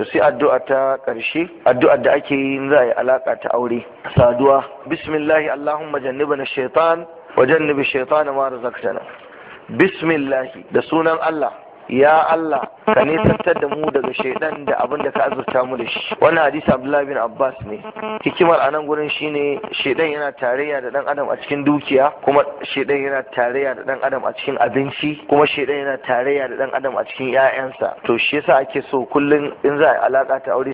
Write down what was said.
to sai addu'a ta ƙarshe addu'a da ake yi za a yi alaƙa ta aure saduwa bismillahi allahumma jannibna shaitan wa jannibi shaitan ma razaqtana bismillahi da sunan Allah ya Allah ka nisantar da mu daga shaidan da abin da ka azurta mu da shi wannan hadisa Abdullahi Abbas ne hikimar anan nan gurin shine shaidan yana tarayya da dan adam a cikin dukiya kuma shaidan yana tarayya da dan adam a cikin abinci kuma shaidan yana tarayya da dan adam a cikin 'ya'yansa to shi yasa ake so kullum in za a alaka ta aure